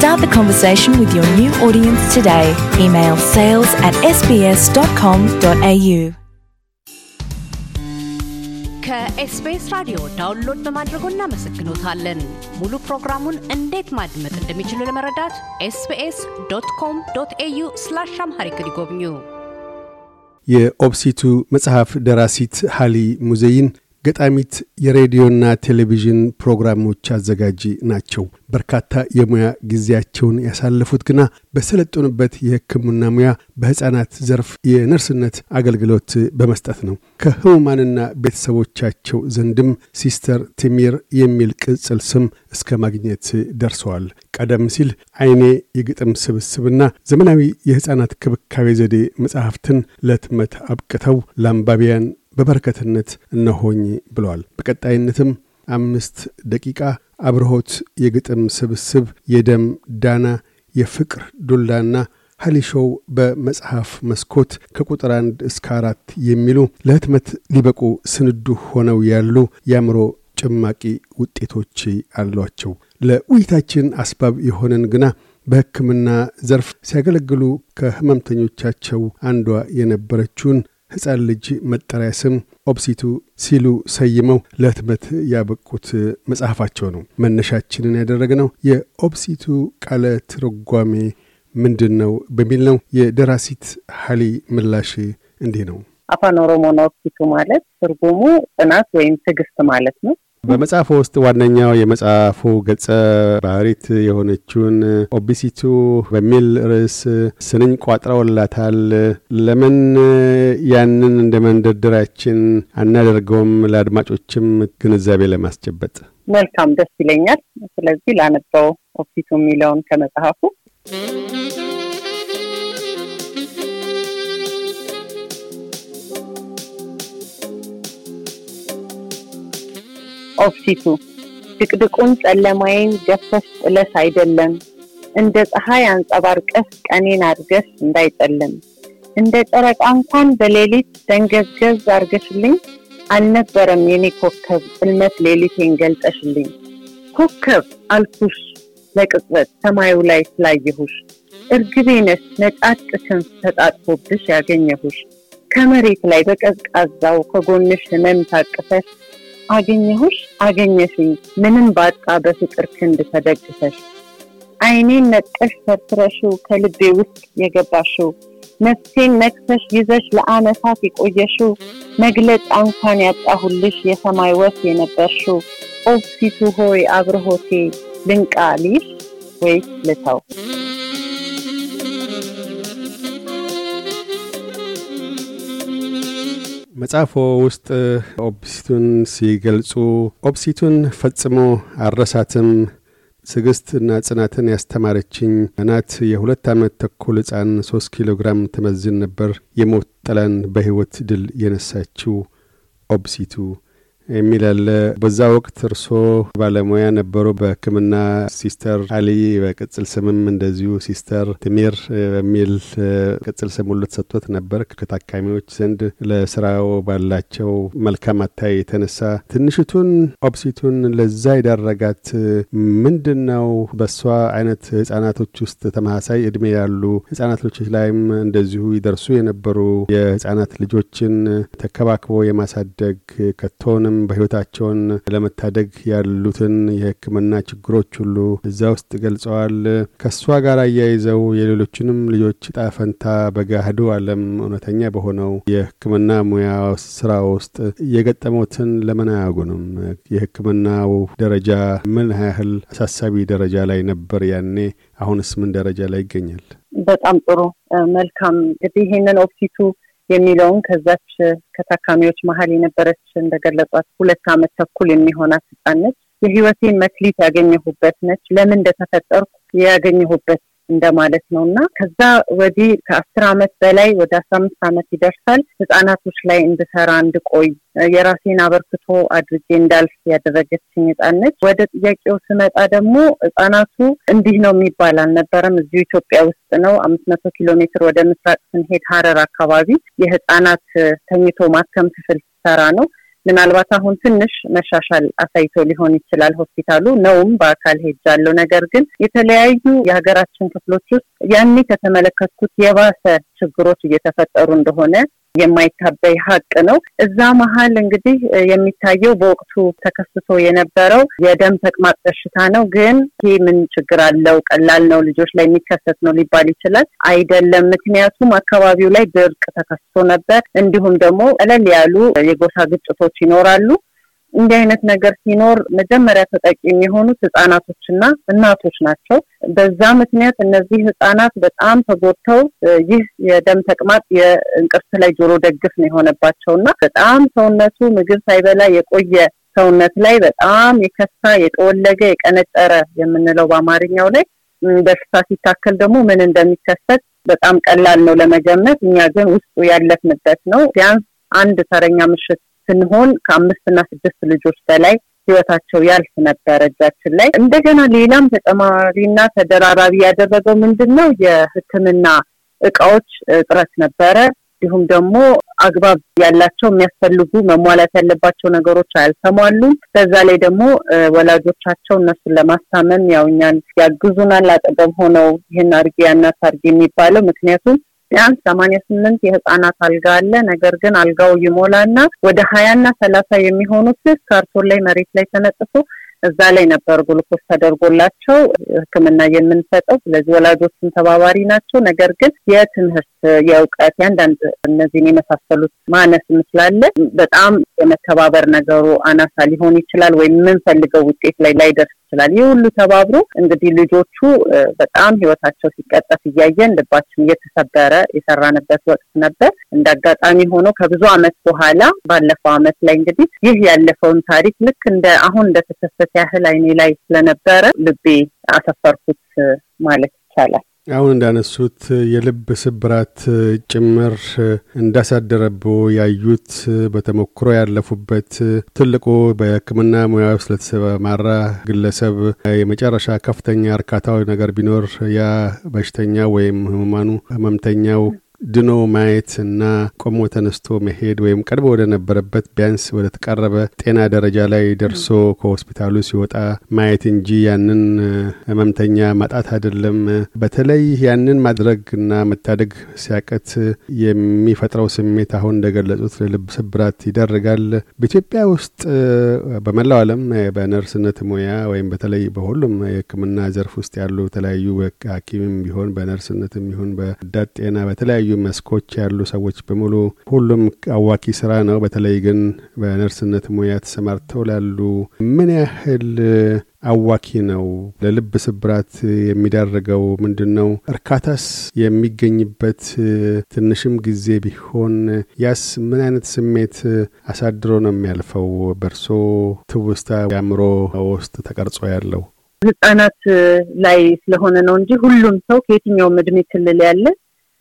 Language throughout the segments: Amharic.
Start the conversation with your new audience today. Email sales at sbs.com.au. ከኤስቢኤስ ራዲዮ ዳውንሎድ በማድረጎ እናመሰግኖታለን። ሙሉ ፕሮግራሙን እንዴት ማድመጥ እንደሚችሉ ለመረዳት ኤስቢኤስ ዶት ኮም ዶት ኤዩ ስላሽ አምሃሪክ ይጎብኙ። የኦብሲቱ መጽሐፍ ደራሲት ሃሊ ሙዘይን ገጣሚት፣ የሬዲዮና ቴሌቪዥን ፕሮግራሞች አዘጋጂ ናቸው። በርካታ የሙያ ጊዜያቸውን ያሳለፉት ግና በሰለጠኑበት የሕክምና ሙያ በሕፃናት ዘርፍ የነርስነት አገልግሎት በመስጠት ነው። ከህሙማንና ቤተሰቦቻቸው ዘንድም ሲስተር ቲሚር የሚል ቅጽል ስም እስከ ማግኘት ደርሰዋል። ቀደም ሲል አይኔ የግጥም ስብስብና ዘመናዊ የሕፃናት ክብካቤ ዘዴ መጽሐፍትን ለትመት አብቅተው ለአንባቢያን በበረከትነት እነሆኝ ብለዋል። በቀጣይነትም አምስት ደቂቃ አብርሆት የግጥም ስብስብ የደም ዳና፣ የፍቅር ዱላና ሀሊሾው በመጽሐፍ መስኮት ከቁጥር አንድ እስከ አራት የሚሉ ለህትመት ሊበቁ ስንዱ ሆነው ያሉ የአእምሮ ጭማቂ ውጤቶች አሏቸው። ለውይይታችን አስባብ የሆነን ግና በሕክምና ዘርፍ ሲያገለግሉ ከህመምተኞቻቸው አንዷ የነበረችውን ሕፃን ልጅ መጠሪያ ስም ኦብሲቱ ሲሉ ሰይመው ለህትመት ያበቁት መጽሐፋቸው ነው። መነሻችንን ነው። የኦብሲቱ ቃለ ትርጓሜ ምንድን ነው በሚል ነው። የደራሲት ሀሊ ምላሽ እንዲህ ነው። አፋን ኦሮሞን ኦብሲቱ ማለት ትርጉሙ ጽናት ወይም ትዕግስት ማለት ነው። በመጽሐፉ ውስጥ ዋነኛው የመጽሐፉ ገጸ ባህሪት የሆነችውን ኦቢሲቱ በሚል ርዕስ ስንኝ ቋጥረውላታል። ለምን ያንን እንደ መንደርደራችን አናደርገውም? ለአድማጮችም ግንዛቤ ለማስጨበጥ መልካም፣ ደስ ይለኛል። ስለዚህ ላነበው ኦቢሲቱ የሚለውን ከመጽሐፉ ኦብሲቱ ድቅድቁን ጨለማዬን ገፈስ ጥለስ አይደለም እንደ ፀሐይ አንጸባርቀስ ቀኔን አድገስ እንዳይጠልም እንደ ጨረቃ እንኳን በሌሊት ደንገዝገዝ አድርገሽልኝ አልነበረም የኔ ኮከብ ጥልመት ሌሊቴን ገልጠሽልኝ ኮከብ አልኩሽ ለቅጽበት ሰማዩ ላይ ስላየሁሽ እርግቤነት ነጫጭ ክንፍ ተጣጥፎብሽ ያገኘሁሽ ከመሬት ላይ በቀዝቃዛው ከጎንሽ ህመም ታቅፈሽ አገኘሁሽ አገኘሽኝ ምንም ባጣ በፍቅር ክንድ ተደግፈሽ አይኔን ነጥቀሽ ሰትረሽው ከልቤ ውስጥ የገባሽው ነፍሴን ነክሰሽ ይዘሽ ለአመታት የቆየሽው መግለጫ እንኳን ያጣሁልሽ የሰማይ ወፍ የነበርሽው ኦፊቱ ሆይ አብርሆቴ ልንቃ ልይሽ ወይስ ልተው? መጽሐፎ ውስጥ ኦብሲቱን ሲገልጹ ኦብሲቱን ፈጽሞ አረሳትም ስግስት እና ጽናትን ያስተማረችኝ ናት። የሁለት ዓመት ተኩል ሕፃን ሶስት ኪሎ ግራም ትመዝን ነበር። የሞት ጠላን በሕይወት ድል የነሳችው ኦብሲቱ የሚል አለ። በዛ ወቅት እርሶ ባለሙያ ነበሩ በሕክምና ሲስተር አሊ በቅጽል ስምም እንደዚሁ ሲስተር ትሜር በሚል ቅጽል ስም ሁሉ ተሰጥቶት ነበር። ከታካሚዎች ዘንድ ለስራው ባላቸው መልካም አታይ የተነሳ ትንሽቱን ኦብሲቱን ለዛ የዳረጋት ምንድን ነው? በእሷ አይነት ህጻናቶች ውስጥ ተመሳሳይ እድሜ ያሉ ህጻናቶች ላይም እንደዚሁ ይደርሱ የነበሩ የህጻናት ልጆችን ተከባክቦ የማሳደግ ከቶንም በህይወታቸውን ለመታደግ ያሉትን የህክምና ችግሮች ሁሉ እዛ ውስጥ ገልጸዋል። ከእሷ ጋር አያይዘው የሌሎችንም ልጆች ጣፈንታ ፈንታ በገሃዱ አለም እውነተኛ በሆነው የህክምና ሙያ ስራ ውስጥ የገጠሙትን ለምን አያጉንም? የህክምናው ደረጃ ምን ያህል አሳሳቢ ደረጃ ላይ ነበር ያኔ? አሁንስ ምን ደረጃ ላይ ይገኛል? በጣም ጥሩ መልካም። እንግዲህ ይህንን ኦፊቱ የሚለውን ከዛች ከታካሚዎች መሀል የነበረች እንደገለጿት ሁለት አመት ተኩል የሚሆናት ህጻን ነች። መክሊት ያገኘሁበት ነች። ለምን እንደተፈጠርኩ ያገኘሁበት እንደማለት ነው እና ከዛ ወዲህ ከአስር አመት በላይ ወደ አስራ አምስት አመት ይደርሳል ህጻናቶች ላይ እንድሰራ እንድቆይ የራሴን አበርክቶ አድርጌ እንዳልፍ ያደረገችኝ ህጻነች ወደ ጥያቄው ስመጣ ደግሞ ህጻናቱ እንዲህ ነው የሚባል አልነበረም። እዚሁ ኢትዮጵያ ውስጥ ነው። አምስት መቶ ኪሎ ሜትር ወደ ምስራቅ ስንሄድ ሀረር አካባቢ የህጻናት ተኝቶ ማከም ክፍል ሰራ ነው ምናልባት አሁን ትንሽ መሻሻል አሳይቶ ሊሆን ይችላል ሆስፒታሉ ነውም በአካል ሄጃለሁ። ነገር ግን የተለያዩ የሀገራችን ክፍሎች ውስጥ ያኔ ከተመለከትኩት የባሰ ችግሮች እየተፈጠሩ እንደሆነ የማይታበይ ሀቅ ነው። እዛ መሀል እንግዲህ የሚታየው በወቅቱ ተከስቶ የነበረው የደም ተቅማጥ በሽታ ነው። ግን ይህ ምን ችግር አለው? ቀላል ነው፣ ልጆች ላይ የሚከሰት ነው ሊባል ይችላል። አይደለም። ምክንያቱም አካባቢው ላይ ድርቅ ተከስቶ ነበር። እንዲሁም ደግሞ ቀለል ያሉ የጎሳ ግጭቶች ይኖራሉ። እንዲህ አይነት ነገር ሲኖር መጀመሪያ ተጠቂ የሚሆኑት ህጻናቶችና እናቶች ናቸው። በዛ ምክንያት እነዚህ ህጻናት በጣም ተጎድተው ይህ የደም ተቅማጥ የእንቅርት ላይ ጆሮ ደግፍ ነው የሆነባቸው እና በጣም ሰውነቱ ምግብ ሳይበላ የቆየ ሰውነት ላይ በጣም የከሳ የጠወለገ የቀነጠረ የምንለው በአማርኛው ላይ በሽታ ሲታከል ደግሞ ምን እንደሚከሰት በጣም ቀላል ነው ለመገመት። እኛ ግን ውስጡ ያለፍንበት ነው። ቢያንስ አንድ ተረኛ ምሽት ስንሆን ከአምስትና ስድስት ልጆች በላይ ህይወታቸው ያልፍ ነበረ እጃችን ላይ። እንደገና ሌላም ተጨማሪና ተደራራቢ ያደረገው ምንድን ነው የህክምና እቃዎች እጥረት ነበረ። እንዲሁም ደግሞ አግባብ ያላቸው የሚያስፈልጉ መሟላት ያለባቸው ነገሮች አልተሟሉም። በዛ ላይ ደግሞ ወላጆቻቸው እነሱን ለማስታመም ያው እኛን ያግዙናል፣ አጠገብ ሆነው ይህን አርጌ ያናት አርጌ የሚባለው ምክንያቱም ቢያንስ ሰማንያ ስምንት የህጻናት አልጋ አለ። ነገር ግን አልጋው ይሞላና ወደ ሀያና ሰላሳ የሚሆኑት ካርቶን ላይ መሬት ላይ ተነጥፎ እዛ ላይ ነበር ግሉኮስ ተደርጎላቸው ሕክምና የምንሰጠው። ስለዚህ ወላጆችም ተባባሪ ናቸው። ነገር ግን የትምህርት የእውቀት ያንዳንድ እነዚህን የመሳሰሉት ማነስ ስላለ በጣም የመተባበር ነገሩ አናሳ ሊሆን ይችላል፣ ወይም የምንፈልገው ውጤት ላይ ላይደርስ ይችላል። ይህ ሁሉ ተባብሮ እንግዲህ ልጆቹ በጣም ህይወታቸው ሲቀጠፍ እያየን ልባችን እየተሰበረ የሰራንበት ወቅት ነበር። እንደ አጋጣሚ ሆኖ ከብዙ አመት በኋላ ባለፈው አመት ላይ እንግዲህ ይህ ያለፈውን ታሪክ ልክ እንደ አሁን እንደተከሰተ ያህል አይኔ ላይ ስለነበረ ልቤ አሰፈርኩት ማለት ይቻላል። አሁን እንዳነሱት የልብ ስብራት ጭምር እንዳሳደረቦ ያዩት በተሞክሮ ያለፉበት ትልቁ በሕክምና ሙያ ስለተሰማራ ግለሰብ የመጨረሻ ከፍተኛ እርካታዊ ነገር ቢኖር ያ በሽተኛ ወይም ህሙማኑ ህመምተኛው ድኖ ማየት እና ቆሞ ተነስቶ መሄድ ወይም ቀድሞ ወደ ነበረበት ቢያንስ ወደ ተቃረበ ጤና ደረጃ ላይ ደርሶ ከሆስፒታሉ ሲወጣ ማየት እንጂ ያንን ህመምተኛ ማጣት አይደለም። በተለይ ያንን ማድረግ እና መታደግ ሲያቀት የሚፈጥረው ስሜት አሁን እንደገለጹት ለልብ ስብራት ይደረጋል። በኢትዮጵያ ውስጥ በመላው ዓለም በነርስነት ሙያ ወይም በተለይ በሁሉም የህክምና ዘርፍ ውስጥ ያሉ የተለያዩ ሐኪምም ቢሆን በነርስነትም ይሁን በዳት ጤና በተለያዩ በተለያዩ መስኮች ያሉ ሰዎች በሙሉ ሁሉም አዋኪ ስራ ነው። በተለይ ግን በነርስነት ሙያ ተሰማርተው ላሉ ምን ያህል አዋኪ ነው? ለልብ ስብራት የሚዳርገው ምንድን ነው? እርካታስ የሚገኝበት ትንሽም ጊዜ ቢሆን ያስ ምን አይነት ስሜት አሳድሮ ነው የሚያልፈው? በእርሶ ትውስታ የአእምሮ ውስጥ ተቀርጾ ያለው ህጻናት ላይ ስለሆነ ነው እንጂ ሁሉም ሰው ከየትኛውም እድሜ ክልል ያለ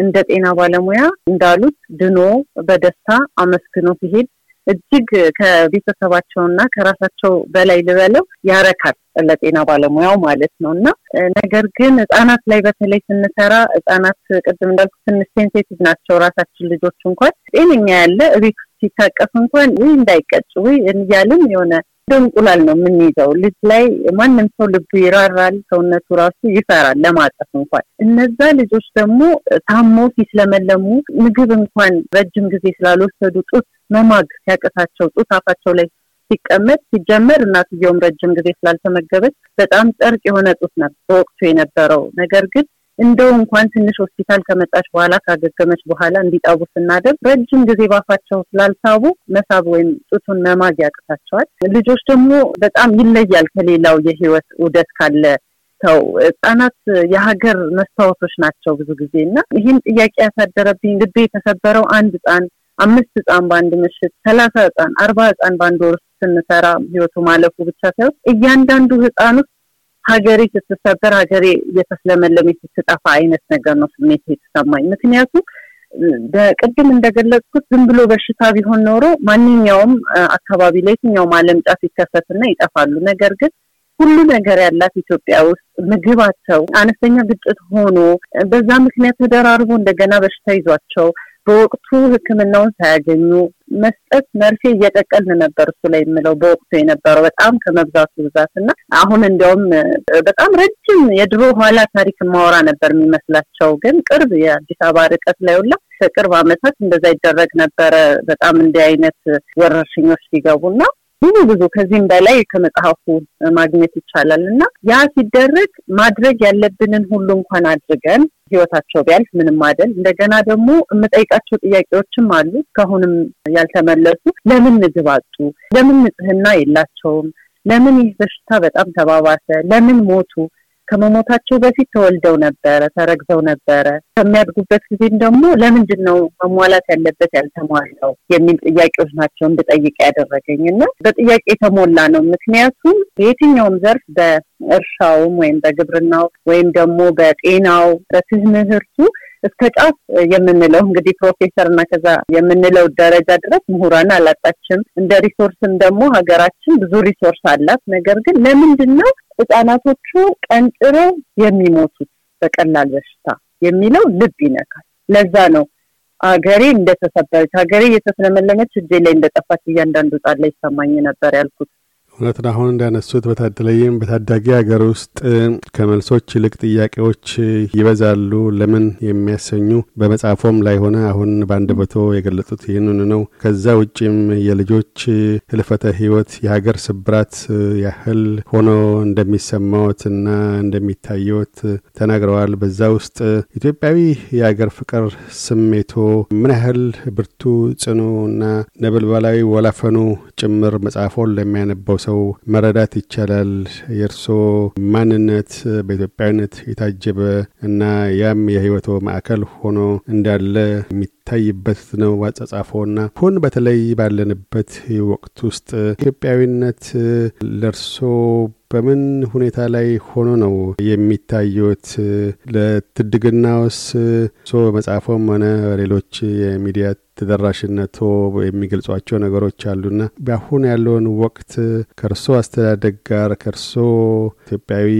እንደ ጤና ባለሙያ እንዳሉት ድኖ በደስታ አመስግኖ ሲሄድ እጅግ ከቤተሰባቸው ከቤተሰባቸውና ከራሳቸው በላይ ልበለው ያረካል ለጤና ባለሙያው ማለት ነው እና ነገር ግን ህጻናት ላይ በተለይ ስንሰራ ህጻናት ቅድም እንዳልኩ ትንሽ ሴንሴቲቭ ናቸው። ራሳችን ልጆች እንኳን ጤነኛ ያለ እቤት ሲታቀፍ እንኳን ወይ እንዳይቀጭ ወይ እያልን የሆነ እንቁላል ነው የምንይዘው። ልጅ ላይ ማንም ሰው ልቡ ይራራል፣ ሰውነቱ ራሱ ይፈራል ለማጠፍ እንኳን። እነዛ ልጆች ደግሞ ታሞ ሲስለመለሙ ምግብ እንኳን ረጅም ጊዜ ስላልወሰዱ ጡት መማግ ሲያቅታቸው ጡት አፋቸው ላይ ሲቀመጥ ሲጀመር እናትየውም ረጅም ጊዜ ስላልተመገበች በጣም ጠርቅ የሆነ ጡት ነበር በወቅቱ የነበረው ነገር ግን እንደው እንኳን ትንሽ ሆስፒታል ከመጣች በኋላ ካገገመች በኋላ እንዲጠቡ ስናደርግ ረጅም ጊዜ ባፋቸው ስላልሳቡ መሳብ ወይም ጡቱን መማዝ ያቅታቸዋል። ልጆች ደግሞ በጣም ይለያል ከሌላው የህይወት ውደት ካለ ሰው ህጻናት የሀገር መስታወቶች ናቸው ብዙ ጊዜ እና ይህም ጥያቄ ያሳደረብኝ ልቤ የተሰበረው አንድ ህጻን አምስት ህጻን በአንድ ምሽት፣ ሰላሳ ህጻን፣ አርባ ህጻን በአንድ ወር ስንሰራ ህይወቱ ማለፉ ብቻ ሳይሆን እያንዳንዱ ህጻን ውስጥ ሀገሬ ስትሰበር ሀገሬ እየተስለመለሜ ስትጠፋ አይነት ነገር ነው ስሜት የተሰማኝ። ምክንያቱም በቅድም እንደገለጽኩት ዝም ብሎ በሽታ ቢሆን ኖሮ ማንኛውም አካባቢ ላይ የትኛውም ዓለም ጫፍ ይከፈትና ይጠፋሉ። ነገር ግን ሁሉ ነገር ያላት ኢትዮጵያ ውስጥ ምግባቸው አነስተኛ ግጭት ሆኖ በዛ ምክንያት ተደራርቦ እንደገና በሽታ ይዟቸው በወቅቱ ሕክምናውን ሳያገኙ መስጠት መርፌ እየጠቀልን ነበር። እሱ ላይ የምለው በወቅቱ የነበረው በጣም ከመብዛቱ ብዛት እና አሁን እንዲያውም በጣም ረጅም የድሮ ኋላ ታሪክ ማወራ ነበር የሚመስላቸው፣ ግን ቅርብ የአዲስ አበባ ርቀት ላይ ሁላ ከቅርብ አመታት እንደዛ ይደረግ ነበረ። በጣም እንዲህ አይነት ወረርሽኞች ሲገቡና ብዙ ብዙ ከዚህም በላይ ከመጽሐፉ ማግኘት ይቻላል እና ያ ሲደረግ ማድረግ ያለብንን ሁሉ እንኳን አድርገን ህይወታቸው ቢያልፍ ምንም አይደል። እንደገና ደግሞ የምጠይቃቸው ጥያቄዎችም አሉ እስካሁንም ያልተመለሱ። ለምን ምግብ አጡ? ለምን ንጽህና የላቸውም? ለምን ይህ በሽታ በጣም ተባባሰ? ለምን ሞቱ? ከመሞታቸው በፊት ተወልደው ነበረ፣ ተረግዘው ነበረ። ከሚያድጉበት ጊዜም ደግሞ ለምንድን ነው መሟላት ያለበት ያልተሟላው የሚል ጥያቄዎች ናቸው እንድጠይቅ ያደረገኝ እና በጥያቄ የተሞላ ነው። ምክንያቱም የትኛውም ዘርፍ በእርሻውም ወይም በግብርናው ወይም ደግሞ በጤናው በትምህርቱ እስከ ጫፍ የምንለው እንግዲህ ፕሮፌሰር እና ከዛ የምንለው ደረጃ ድረስ ምሁራን አላጣችም። እንደ ሪሶርስም ደግሞ ሀገራችን ብዙ ሪሶርስ አላት። ነገር ግን ለምንድን ነው ህጻናቶቹ ቀንጭረው የሚሞቱት በቀላል በሽታ የሚለው ልብ ይነካል። ለዛ ነው ሀገሬ እንደተሰበረች ሀገሬ እየተስለመለመች እጄ ላይ እንደጠፋች እያንዳንዱ ጣል ላይ ይሰማኝ ነበር ያልኩት። እውነትን አሁን እንዳነሱት በተለይም በታዳጊ ሀገር ውስጥ ከመልሶች ይልቅ ጥያቄዎች ይበዛሉ ለምን የሚያሰኙ በመጽሐፎም ላይ ሆነ አሁን በአንድ በቶ የገለጹት ይህንኑ ነው። ከዛ ውጭም የልጆች ህልፈተ ህይወት የሀገር ስብራት ያህል ሆኖ እንደሚሰማዎት እና እንደሚታየዎት ተናግረዋል። በዛ ውስጥ ኢትዮጵያዊ የሀገር ፍቅር ስሜቶ ምን ያህል ብርቱ ጽኑ እና ነበልባላዊ ወላፈኑ ጭምር መጽሐፎን ለሚያነበው ሰው መረዳት ይቻላል። የእርስዎ ማንነት በኢትዮጵያዊነት የታጀበ እና ያም የህይወቶ ማዕከል ሆኖ እንዳለ የሚታይበት ነው አጻጻፎና ሁን በተለይ ባለንበት ወቅት ውስጥ ኢትዮጵያዊነት ለርሶ በምን ሁኔታ ላይ ሆኖ ነው የሚታዩት? ለትድግናውስ ሶ መጽሐፎም ሆነ ሌሎች የሚዲያ ተደራሽነቶ የሚገልጿቸው ነገሮች አሉና በአሁን ያለውን ወቅት ከእርሶ አስተዳደግ ጋር ከእርሶ ኢትዮጵያዊ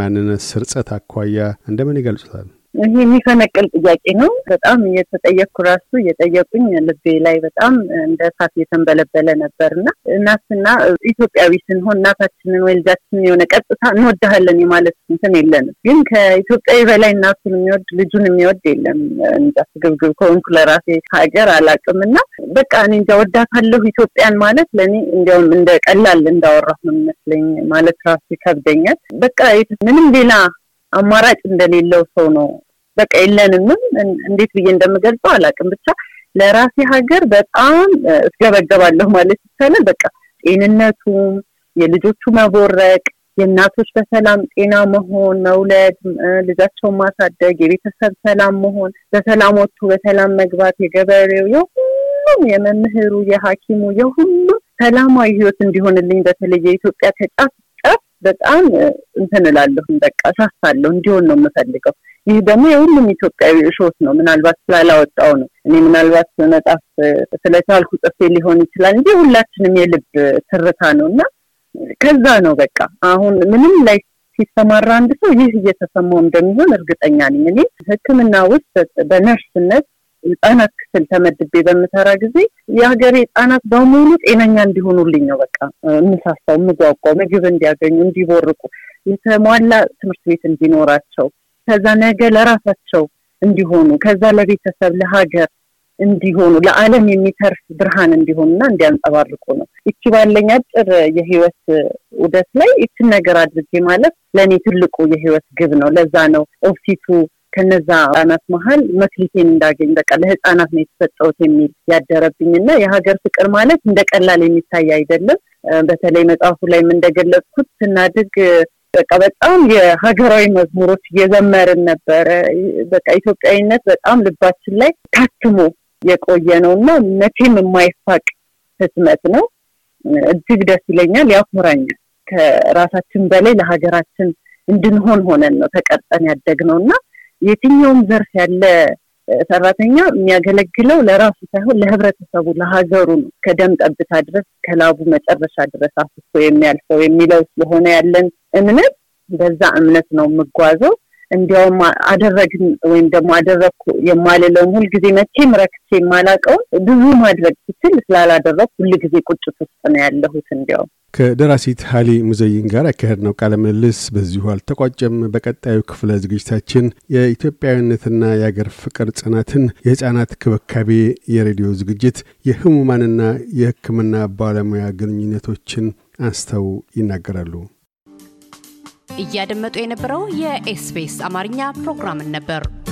ማንነት ስርጸት አኳያ እንደምን ይገልጹታል? ይህ የሚፈነቅል ጥያቄ ነው። በጣም እየተጠየቅኩ ራሱ እየጠየቁኝ ልቤ ላይ በጣም እንደ እሳት እየተንበለበለ ነበር እና እናትና ኢትዮጵያዊ ስንሆን እናታችንን ወይ ልጃችንን የሆነ ቀጥታ እንወድሃለን የማለት እንትን የለንም። ግን ከኢትዮጵያዊ በላይ እናቱን የሚወድ ልጁን የሚወድ የለም። እንጃ ስግብግብ ከሆንኩ ለራሴ ሀገር አላቅም እና በቃ እኔ እንጃ ወዳታለሁ ኢትዮጵያን ማለት ለእኔ እንዲያውም እንደ ቀላል እንዳወራሁ ነው የሚመስለኝ። ማለት ራሱ ይከብደኛል። በቃ ምንም ሌላ አማራጭ እንደሌለው ሰው ነው። በቃ የለንም እንዴት ብዬ እንደምገልጸው አላውቅም። ብቻ ለራሴ ሀገር በጣም እስገበገባለሁ ማለት ይቻላል። በቃ ጤንነቱም፣ የልጆቹ መቦረቅ፣ የእናቶች በሰላም ጤና መሆን፣ መውለድ፣ ልጃቸውን ማሳደግ፣ የቤተሰብ ሰላም መሆን፣ በሰላም ወጥቶ በሰላም መግባት፣ የገበሬው፣ የሁሉም የመምህሩ፣ የሐኪሙ፣ የሁሉም ሰላማዊ ህይወት እንዲሆንልኝ በተለይ የኢትዮጵያ ከጫፍ በጣም እንትን እላለሁኝ። በቃ እሳሳለሁ። እንዲሆን ነው የምፈልገው። ይህ ደግሞ የሁሉም ኢትዮጵያዊ እሾት ነው። ምናልባት ስላላወጣው ነው። እኔ ምናልባት መጣፍ ስለቻልኩ ጥፌ ሊሆን ይችላል እንዲህ ሁላችንም የልብ ትርታ ነው እና ከዛ ነው በቃ አሁን ምንም ላይ ሲሰማራ አንድ ሰው ይህ እየተሰማው እንደሚሆን እርግጠኛ ነኝ። እኔ ህክምና ውስጥ በነርስነት ህጻናት ክፍል ተመድቤ በምሰራ ጊዜ የሀገሬ ህጻናት በሙሉ ጤነኛ እንዲሆኑልኝ ነው በቃ የምሳሳው የምጓጓው። ምግብ እንዲያገኙ፣ እንዲቦርቁ፣ የተሟላ ትምህርት ቤት እንዲኖራቸው፣ ከዛ ነገ ለራሳቸው እንዲሆኑ፣ ከዛ ለቤተሰብ ለሀገር እንዲሆኑ ለዓለም የሚተርፍ ብርሃን እንዲሆኑና እንዲያንጸባርቁ ነው። እቺ ባለኝ አጭር የህይወት ውደት ላይ ይችን ነገር አድርጌ ማለት ለእኔ ትልቁ የህይወት ግብ ነው። ለዛ ነው ኦፍሲቱ ከነዛ ህጻናት መሀል መክሊቴን እንዳገኝ በቃ ለህጻናት ነው የተሰጠውት የሚል ያደረብኝ እና የሀገር ፍቅር ማለት እንደ ቀላል የሚታይ አይደለም። በተለይ መጽሐፉ ላይም እንደገለጽኩት ስናድግ በቃ በጣም የሀገራዊ መዝሙሮች እየዘመርን ነበረ። በቃ ኢትዮጵያዊነት በጣም ልባችን ላይ ታትሞ የቆየ ነው እና መቼም የማይፋቅ ህትመት ነው። እጅግ ደስ ይለኛል፣ ያኮራኛል። ከራሳችን በላይ ለሀገራችን እንድንሆን ሆነን ነው ተቀርጸን ነው እና የትኛውም ዘርፍ ያለ ሰራተኛ የሚያገለግለው ለራሱ ሳይሆን ለህብረተሰቡ፣ ለሀገሩ ነው። ከደም ጠብታ ድረስ ከላቡ መጨረሻ ድረስ አፍሶ የሚያልፈው የሚለው ስለሆነ ያለን እምነት በዛ እምነት ነው የምጓዘው። እንዲያውም አደረግን ወይም ደግሞ አደረግኩ የማልለውን ሁልጊዜ መቼም ረክቼ የማላቀውን ብዙ ማድረግ ስችል ስላላደረግ ሁልጊዜ ቁጭት ውስጥ ነው ያለሁት እንዲያውም ከደራሲት ሀሊ ሙዘይን ጋር ያካሄድነው ቃለ ምልልስ በዚሁ አልተቋጨም። በቀጣዩ ክፍለ ዝግጅታችን የኢትዮጵያዊነትና የአገር ፍቅር ጽናትን፣ የህፃናት ክብካቤ የሬዲዮ ዝግጅት፣ የህሙማንና የህክምና ባለሙያ ግንኙነቶችን አንስተው ይናገራሉ። እያደመጡ የነበረው የኤስቢኤስ አማርኛ ፕሮግራምን ነበር።